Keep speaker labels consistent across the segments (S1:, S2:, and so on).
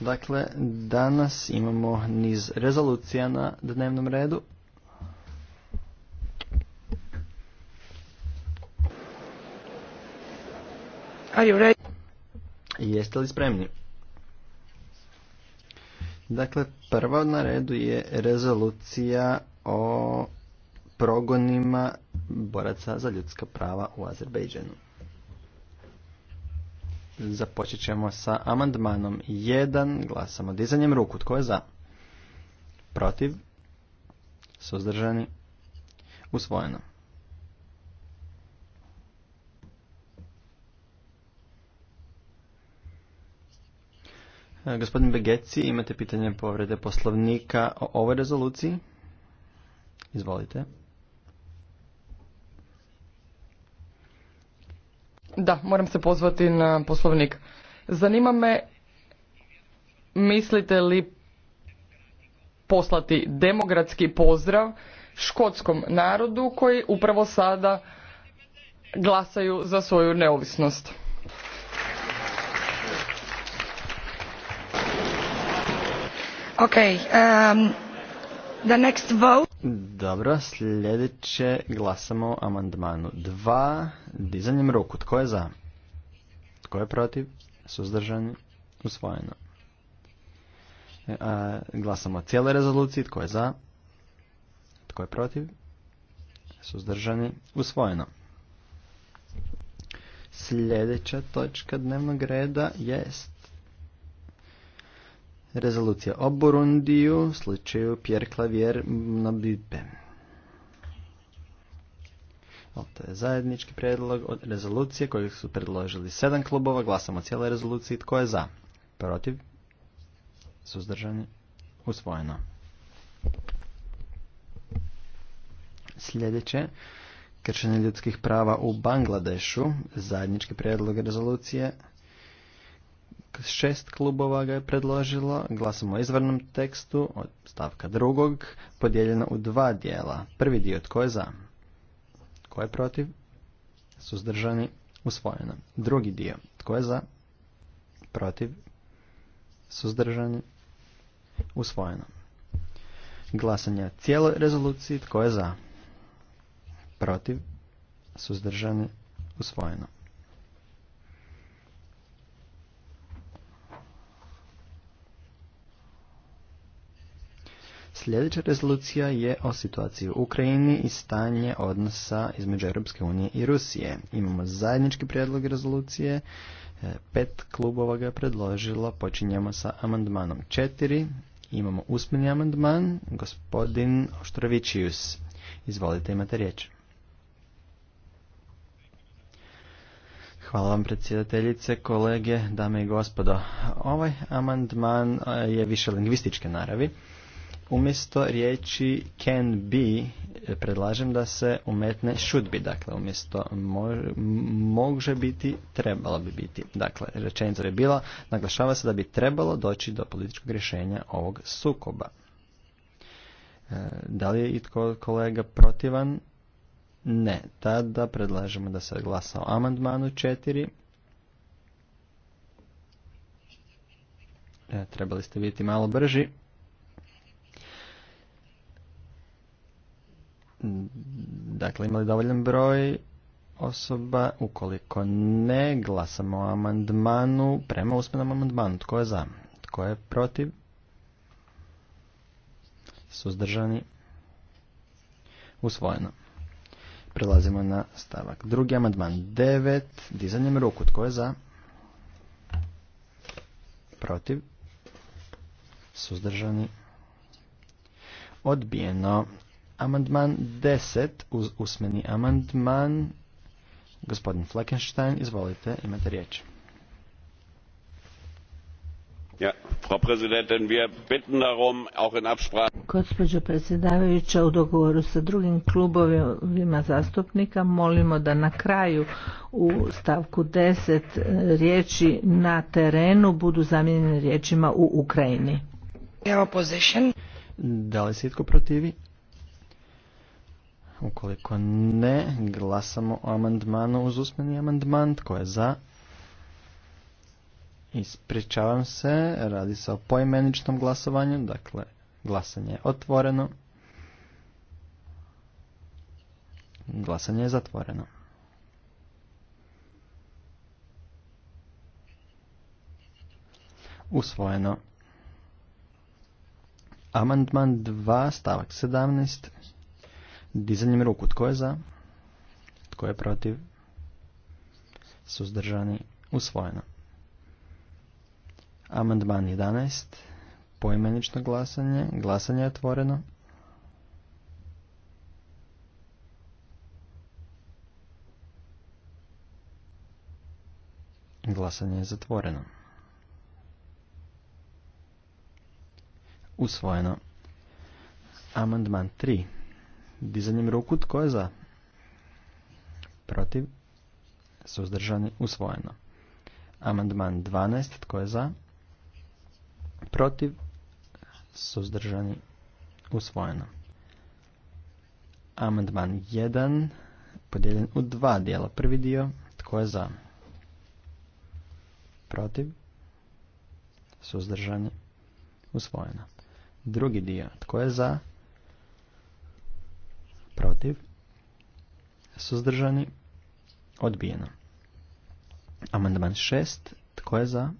S1: Dakle, danas imamo niz rezolucija na dnevnom redu. Jeste li spremni? Dakle, prva na redu je rezolucija o progonima boraca za ljudska prava u Azerbejdžanu. Započet ćemo sa amandmanom 1. Glasamo dizanjem ruku. Tko je za? Protiv? Suzdržani? Usvojeno. E, gospodin Begeci, imate pitanje povrede poslovnika o ovoj rezoluciji? Izvolite.
S2: Da, moram se pozvati na poslovnik. Zanima me, mislite li poslati demokratski pozdrav škotskom narodu koji upravo sada glasaju za svoju neovisnost? Okay, um, the next vote.
S1: Dobro, sljedeće glasamo o amandmanu 2, dizanjem ruku. Tko je za? Tko je protiv? Suzdržani? Usvojeno. E, glasamo o cijeloj rezoluciji. Tko je za? Tko je protiv? Suzdržani? Usvojeno. Sljedeća točka dnevnog reda jest Rezolucija o Burundiju, slučaju Pierre Clavier na Bipe. To je zajednički prijedlog od rezolucije kojeg su predložili sedam klubova. Glasamo cijele rezolucije Tko je za? Protiv? Suzdržani? Usvojeno. Sljedeće. Kršenje ljudskih prava u Bangladešu. Zajednički prijedlog rezolucije šest klubova ga je predložilo. Glasamo o izvornom tekstu od stavka drugog, podijeljeno u dva dijela. Prvi dio tko je za, tko je protiv, suzdržani, usvojeno. Drugi dio tko je za, protiv, suzdržani, usvojeno. Glasanje o cijeloj rezoluciji tko je za, protiv, suzdržani, usvojeno. Sljedeća rezolucija je o situaciji u Ukrajini i stanje odnosa između Europske unije i Rusije. Imamo zajednički prijedlog rezolucije, e, pet klubova ga je predložilo, počinjemo sa amandmanom četiri, imamo usmeni amandman, gospodin Oštrovićius. Izvolite, imate riječ. Hvala vam predsjedateljice, kolege, dame i gospodo. Ovaj amandman e, je više lingvističke naravi umjesto riječi can be e, predlažem da se umetne should be, dakle umjesto može, biti, trebalo bi biti. Dakle, rečenica je bila, naglašava se da bi trebalo doći do političkog rješenja ovog sukoba. E, da li je itko kolega protivan? Ne. Tada predlažemo da se glasa o amandmanu 4. E, trebali ste biti malo brži. Dakle, imali dovoljan broj osoba? Ukoliko ne, glasamo o amandmanu prema usmenom amandmanu. Tko je za? Tko je protiv? Suzdržani? Usvojeno. Prelazimo na stavak. Drugi amandman devet, Dizanjem ruku. Tko je za? Protiv? Suzdržani? Odbijeno. Amandman 10 uz usmeni amandman. Gospodin Fleckenstein, izvolite, imate riječ.
S2: Ja, Frau Präsidentin, wir bitten darum, auch in
S3: Absprache... predsjedavajuća, u dogovoru sa drugim klubovima zastupnika molimo da na kraju u stavku 10 riječi na terenu budu zamijenjene riječima u Ukrajini.
S1: Da li se itko protivi? Ukoliko ne, glasamo o amandmanu uz usmeni amandman. Tko je za? Ispričavam se, radi se o poimeničnom glasovanju, dakle glasanje je otvoreno. Glasanje je zatvoreno. Usvojeno. Amandman 2, stavak 17. Dizanjem ruku. Tko je za? Tko je protiv? Suzdržani. Usvojeno. Amandman 11. Poimenično glasanje. Glasanje je otvoreno. Glasanje je zatvoreno. Usvojeno. Amandman 3 dizanjem ruku tko je za? Protiv? Suzdržani? Usvojeno. Amandman 12. Tko je za? Protiv? Suzdržani? Usvojeno. Amandman 1. Podijeljen u dva dijela. Prvi dio. Tko je za? Protiv? Suzdržani? Usvojeno. Drugi dio. Tko je za? suzdržani, odbijeno. Amandman 6, tko je za,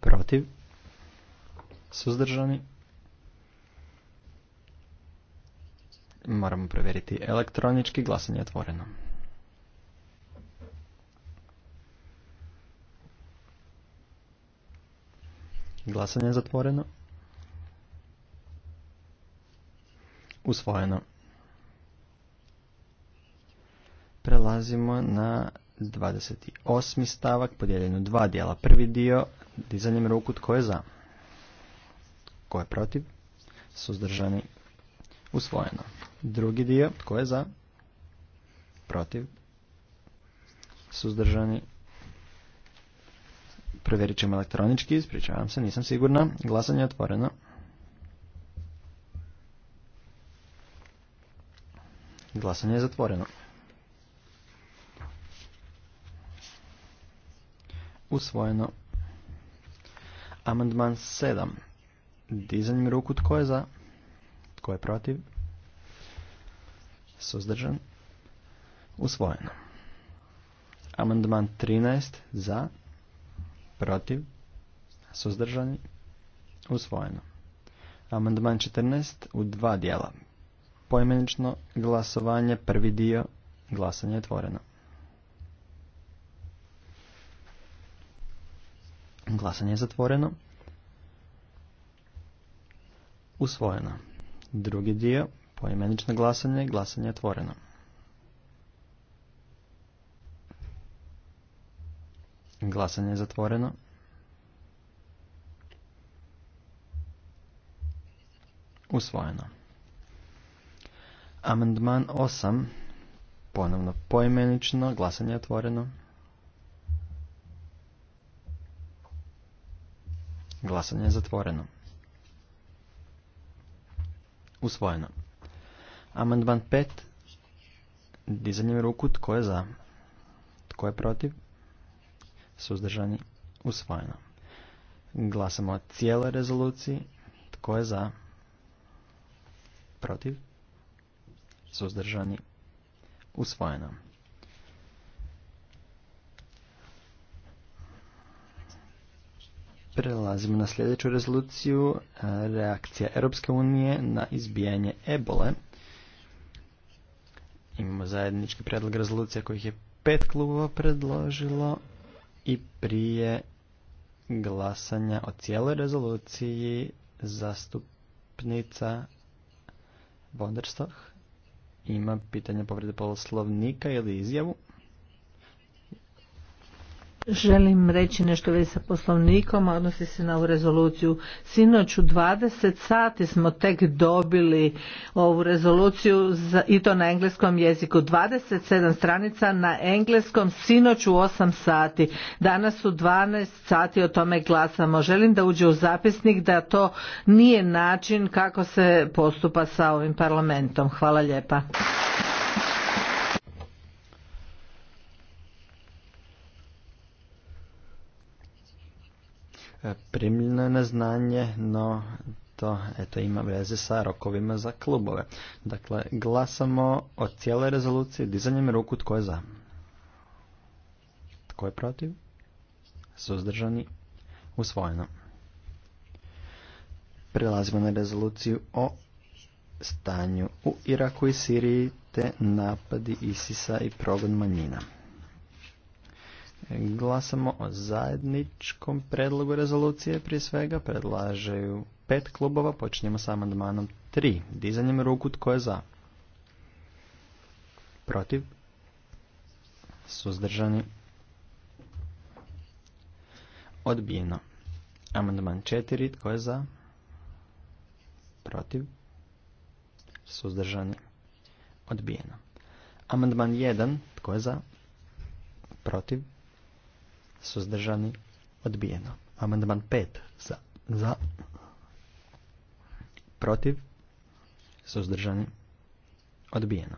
S1: protiv, suzdržani, moramo provjeriti elektronički, glasanje otvoreno. Glasanje je zatvoreno. Usvojeno. prelazimo na 28. stavak podijeljeno u dva dijela. Prvi dio dizanjem ruku tko je za, tko je protiv, suzdržani, usvojeno. Drugi dio tko je za, protiv, suzdržani, provjerit ćemo elektronički, ispričavam se, nisam sigurna, glasanje je otvoreno. Glasanje je zatvoreno. Usvojeno. Amandman 7. Dizanjem ruku tko je za? Tko je protiv? Suzdržan. Usvojeno. Amandman 13. Za? Protiv? Suzdržani? Usvojeno. Amandman 14. U dva dijela. Poimenično glasovanje prvi dio. Glasanje je otvoreno. Glasanje je zatvoreno. Usvojeno. Drugi dio, poimenično glasanje, glasanje je otvoreno. Glasanje je zatvoreno. Usvojeno. Amandman 8. Ponovno poimenično. Glasanje je otvoreno. Glasanje je zatvoreno. Usvojeno. Amandman 5. Dizanjem ruku tko je za? Tko je protiv? Suzdržani. Usvojeno. Glasamo o cijeloj rezoluciji. Tko je za? Protiv? Suzdržani. Usvojeno. Prelazimo na sljedeću rezoluciju. E, reakcija Europske unije na izbijanje ebole. Imamo zajednički predlog rezolucija kojih je pet klubova predložilo i prije glasanja o cijeloj rezoluciji zastupnica Vonderstoh ima pitanje povrede poslovnika ili izjavu.
S3: Želim reći nešto već sa poslovnikom, a odnosi se na ovu rezoluciju. Sinoć u 20 sati smo tek dobili ovu rezoluciju za, i to na engleskom jeziku. 27 stranica na engleskom, sinoć u 8 sati. Danas u 12 sati o tome glasamo. Želim da uđe u zapisnik da to nije način kako se postupa sa ovim parlamentom. Hvala lijepa.
S1: primljeno je na znanje, no to eto, ima veze sa rokovima za klubove. Dakle, glasamo o cijeloj rezoluciji dizanjem ruku tko je za. Tko je protiv? Suzdržani? Usvojeno. Prelazimo na rezoluciju o stanju u Iraku i Siriji te napadi Isisa i progon manjina. Glasamo o zajedničkom predlogu rezolucije. Prije svega predlažaju pet klubova. Počinjemo sa amandmanom 3. Dizanjem ruku tko je za? Protiv? Suzdržani? Odbijeno. Amandman četiri Tko je za? Protiv? Suzdržani? Odbijeno. Amandman 1. Tko je za? Protiv? suzdržani, odbijeno. Amandman 5 za, za, protiv, suzdržani, odbijeno.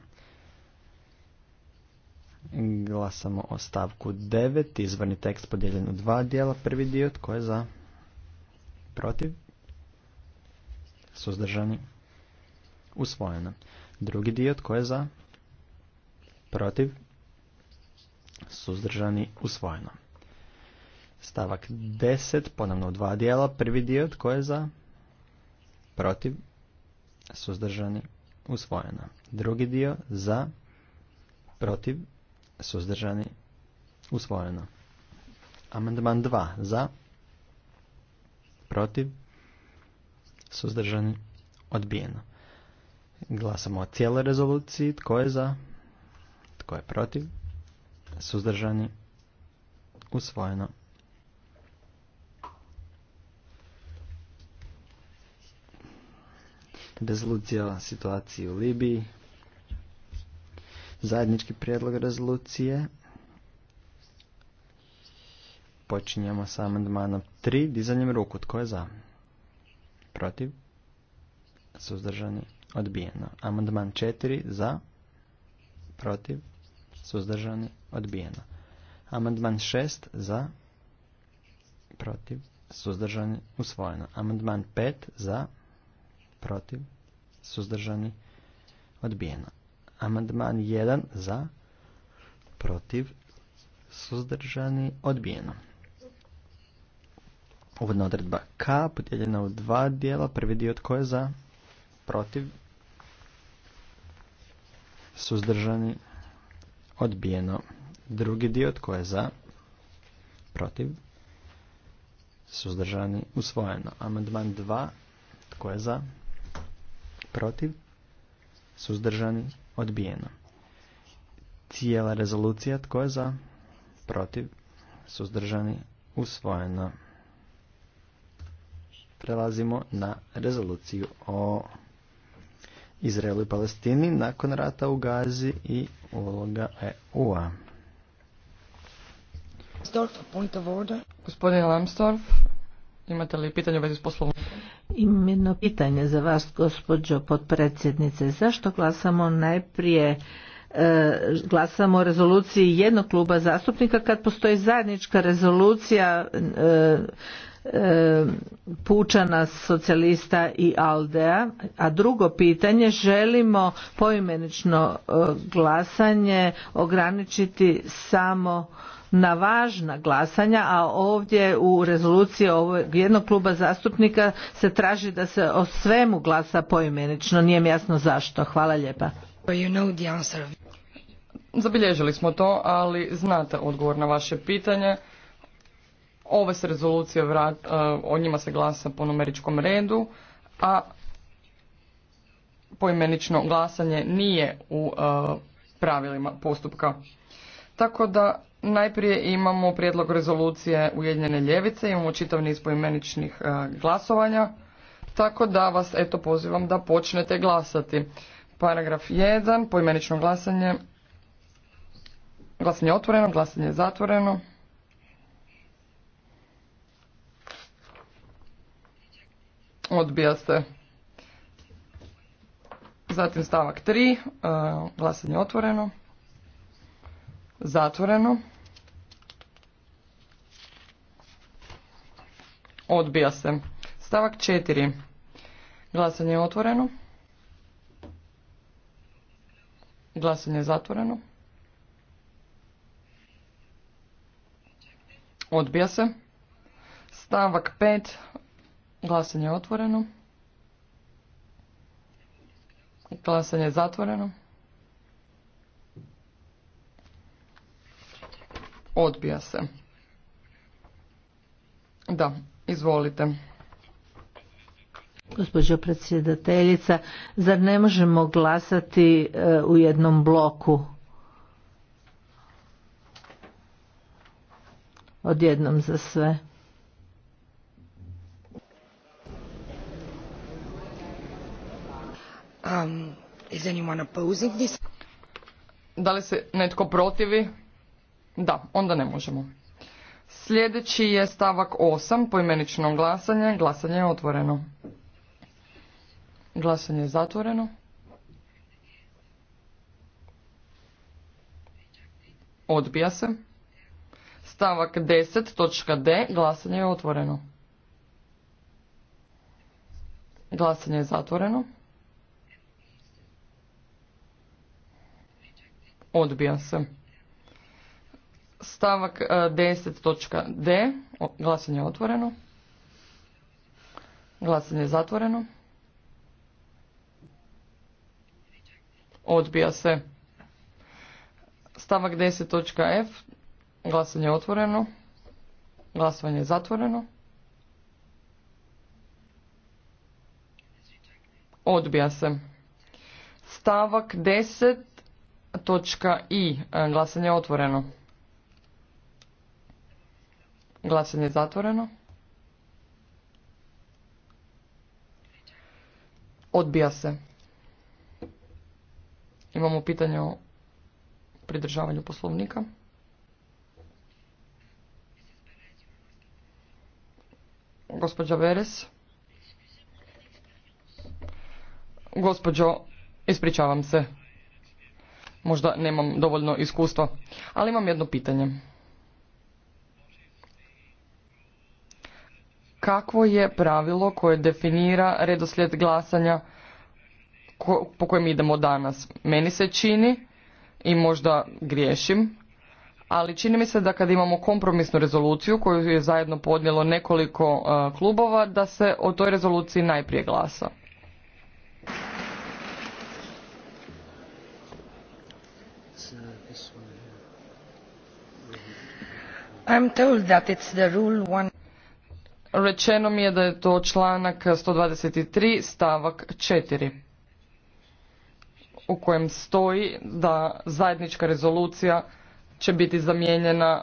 S1: Glasamo o stavku 9, izvorni tekst podijeljen u dva dijela, prvi dio tko je za, protiv, suzdržani, usvojeno. Drugi dio tko je za, protiv, suzdržani, usvojeno. Stavak 10, ponovno dva dijela. Prvi dio, tko je za? Protiv. Suzdržani. Usvojeno. Drugi dio, za. Protiv. Suzdržani. Usvojeno. Amandman 2, za. Protiv. Suzdržani. Odbijeno. Glasamo o cijeloj rezoluciji. Tko je za? Tko je protiv? Suzdržani. Usvojeno. rezolucija o situaciji u Libiji, zajednički prijedlog rezolucije. Počinjemo sa amandmanom 3, dizanjem ruku. Tko je za? Protiv? Suzdržani? Odbijeno. Amandman 4, za? Protiv? Suzdržani? Odbijeno. Amandman 6, za? Protiv? Suzdržani? Usvojeno. Amandman 5, za? protiv, suzdržani, odbijeno. Amandman 1 za, protiv, suzdržani, odbijeno. Uvodna odredba K podijeljena u dva dijela. Prvi dio tko je za, protiv, suzdržani, odbijeno. Drugi dio tko je za, protiv, suzdržani, usvojeno. Amandman 2 tko je za, protiv, suzdržani, odbijeno. Cijela rezolucija tko je za, protiv, suzdržani, usvojeno. Prelazimo na rezoluciju o Izraelu i Palestini nakon rata u Gazi i uloga EU-a.
S2: Gospodine Lamstorf, imate li pitanje u vezi s poslovom?
S3: pitanje za vas, gospođo potpredsjednice. Zašto glasamo najprije e, glasamo o rezoluciji jednog kluba zastupnika kad postoji zajednička rezolucija e, e, pučana socijalista i aldea a drugo pitanje želimo poimenično glasanje ograničiti samo na važna glasanja, a ovdje u rezoluciji ovog jednog kluba zastupnika se traži da se o svemu glasa poimenično. Nije mi jasno zašto. Hvala lijepa.
S2: Zabilježili smo to, ali znate odgovor na vaše pitanje. Ove se rezolucije, vrat, e, o njima se glasa po numeričkom redu, a poimenično glasanje nije u e, pravilima postupka. Tako da Najprije imamo prijedlog rezolucije Ujedinjene ljevice, imamo čitav niz poimeničnih e, glasovanja, tako da vas eto pozivam da počnete glasati. Paragraf 1, poimenično glasanje, glasanje je otvoreno, glasanje je zatvoreno. Odbija se. Zatim stavak 3, e, glasanje je otvoreno. Zatvoreno. Odbija se. Stavak 4. Glasanje je otvoreno. Glasanje je zatvoreno. Odbija se. Stavak 5. Glasanje je otvoreno. Glasanje je zatvoreno. Odbija se.
S3: Da, izvolite. Gospođo predsjedateljica, zar ne možemo glasati e, u jednom bloku? Odjednom za sve. Um, is this?
S2: Da li se netko protivi? Da, onda ne možemo. Sljedeći je stavak 8, poimenično glasanje. Glasanje je otvoreno. Glasanje je zatvoreno. Odbija se. Stavak 10, točka D, glasanje je otvoreno. Glasanje je zatvoreno. Odbija se stavak 10.d. E, glasanje je otvoreno, glasanje je zatvoreno, odbija se stavak 10.f. F, glasanje je otvoreno, Glasanje je zatvoreno, odbija se stavak 10.i. točka I, e, glasanje je otvoreno. Glasanje je zatvoreno. Odbija se. Imamo pitanje o pridržavanju poslovnika. Gospođa Veres. Gospođo, ispričavam se. Možda nemam dovoljno iskustva, ali imam jedno pitanje. kakvo je pravilo koje definira redoslijed glasanja po kojem idemo danas. Meni se čini i možda griješim, ali čini mi se da kad imamo kompromisnu rezoluciju koju je zajedno podnijelo nekoliko uh, klubova, da se o toj rezoluciji najprije glasa.
S3: I'm told that it's the rule
S2: Rečeno mi je da je to članak 123 stavak 4 u kojem stoji da zajednička rezolucija će biti zamijenjena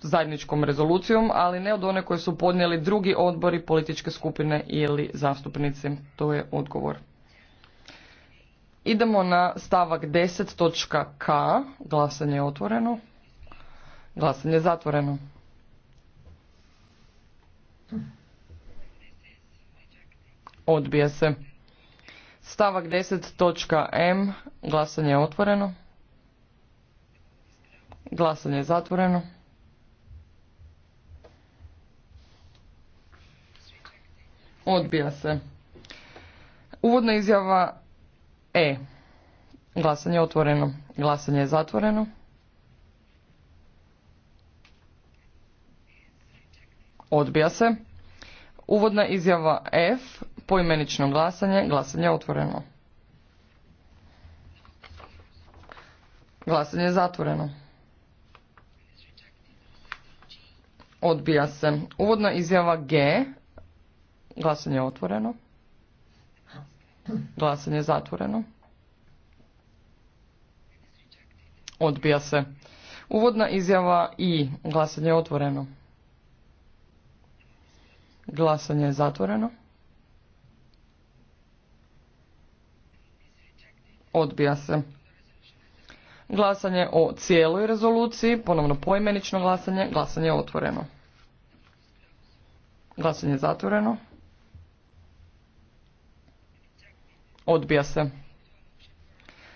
S2: zajedničkom rezolucijom, ali ne od one koje su podnijeli drugi odbori, političke skupine ili zastupnici. To je odgovor. Idemo na stavak 10.k. Glasanje je otvoreno. Glasanje je zatvoreno. Odbija se. Stavak deset točka M. Glasanje je otvoreno. Glasanje je zatvoreno. Odbija se. Uvodna izjava E. Glasanje je otvoreno. Glasanje je zatvoreno. Odbija se. Uvodna izjava F, poimenično glasanje, glasanje otvoreno. Glasanje je zatvoreno. Odbija se. Uvodna izjava G, glasanje otvoreno. Glasanje je zatvoreno. Odbija se. Uvodna izjava I, glasanje otvoreno. Glasanje je zatvoreno. Odbija se. Glasanje o cijeloj rezoluciji, ponovno poimenično glasanje, glasanje je otvoreno. Glasanje je zatvoreno. Odbija se.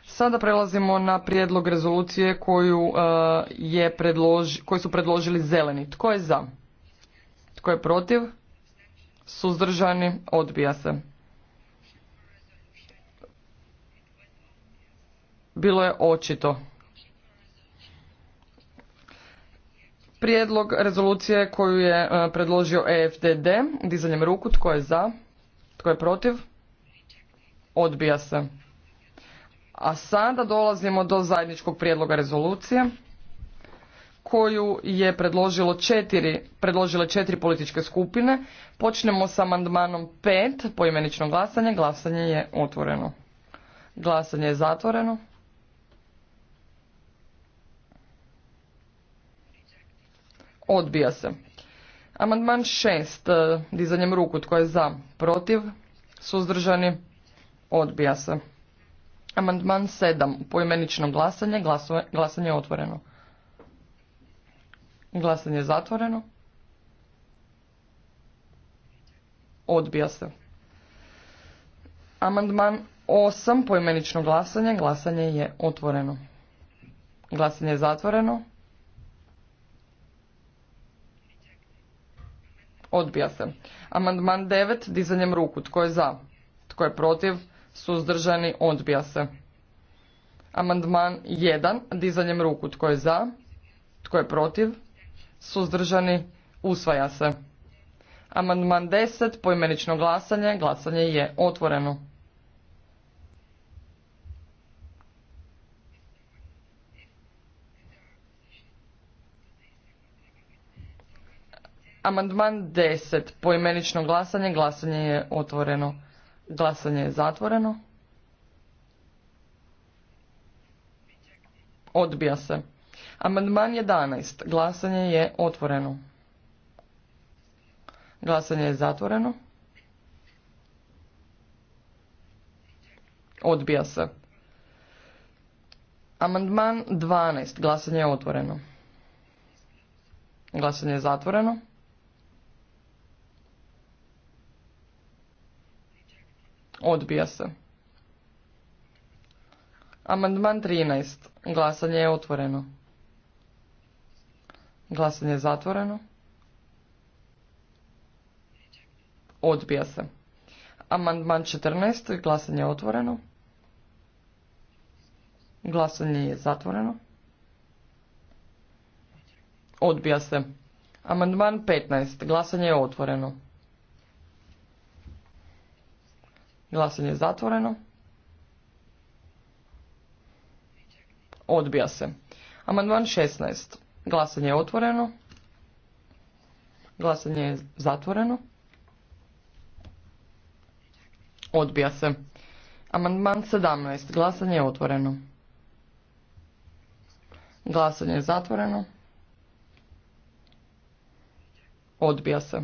S2: Sada prelazimo na prijedlog rezolucije koju, uh, je predloži, su predložili zeleni. Tko je za? Tko je protiv? suzdržani, odbija se. Bilo je očito. Prijedlog rezolucije koju je e, predložio EFDD, dizanjem ruku, tko je za, tko je protiv, odbija se. A sada dolazimo do zajedničkog prijedloga rezolucije koju je predložilo četiri, predložile četiri političke skupine. Počnemo sa amandmanom 5, poimenično glasanje. Glasanje je otvoreno. Glasanje je zatvoreno. Odbija se. Amandman 6, e, dizanjem ruku tko je za, protiv, suzdržani, odbija se. Amandman 7, poimenično glasanje, glasanje je otvoreno. Glasanje je zatvoreno. Odbija se. Amandman 8. Poimenično glasanje. Glasanje je otvoreno. Glasanje je zatvoreno. Odbija se. Amandman 9. Dizanjem ruku. Tko je za? Tko je protiv? Suzdržani. Odbija se. Amandman 1. Dizanjem ruku. Tko je za? Tko je protiv? suzdržani, usvaja se. Amandman 10, poimenično glasanje, glasanje je otvoreno. Amandman 10, poimenično glasanje, glasanje je otvoreno. Glasanje je zatvoreno. Odbija se. Amandman 11. Glasanje je otvoreno. Glasanje je zatvoreno. Odbija se. Amandman 12. Glasanje je otvoreno. Glasanje je zatvoreno. Odbija se. Amandman 13. Glasanje je otvoreno. Glasanje je zatvoreno. Odbija se. Amandman 14. Glasanje je otvoreno. Glasanje je zatvoreno. Odbija se. Amandman 15. Glasanje je otvoreno. Glasanje je zatvoreno. Odbija se. Amandman 16. Glasanje je otvoreno. Glasanje je zatvoreno. Odbija se. Amandman 17. Glasanje je otvoreno. Glasanje je zatvoreno. Odbija se.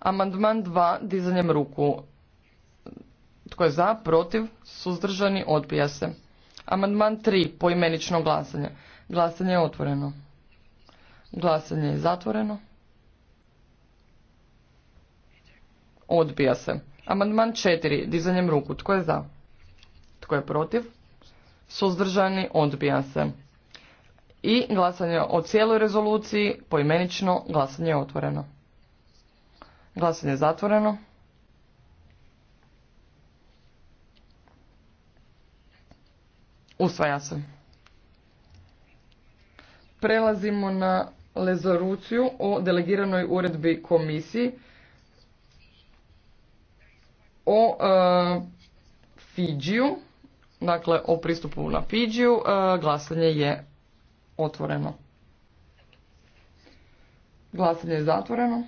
S2: Amandman 2. Dizanjem ruku. Tko je za, protiv, suzdržani, odbija se. Amandman 3. Poimenično glasanje. Glasanje je otvoreno. Glasanje je zatvoreno. Odbija se. Amandman 4. Dizanjem ruku. Tko je za? Tko je protiv? Suzdržani. Odbija se. I glasanje o cijeloj rezoluciji. Poimenično glasanje je otvoreno. Glasanje je zatvoreno. Usvaja se. Prelazimo na lezoruciju o delegiranoj uredbi komisiji o e, Fidžiju, dakle o pristupu na Fidžiju. E, glasanje je otvoreno. Glasanje je zatvoreno.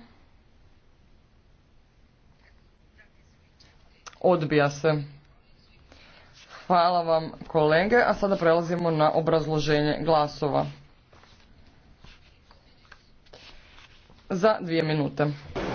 S2: Odbija se. Hvala vam kolege, a sada prelazimo na obrazloženje glasova. Za dvije minute.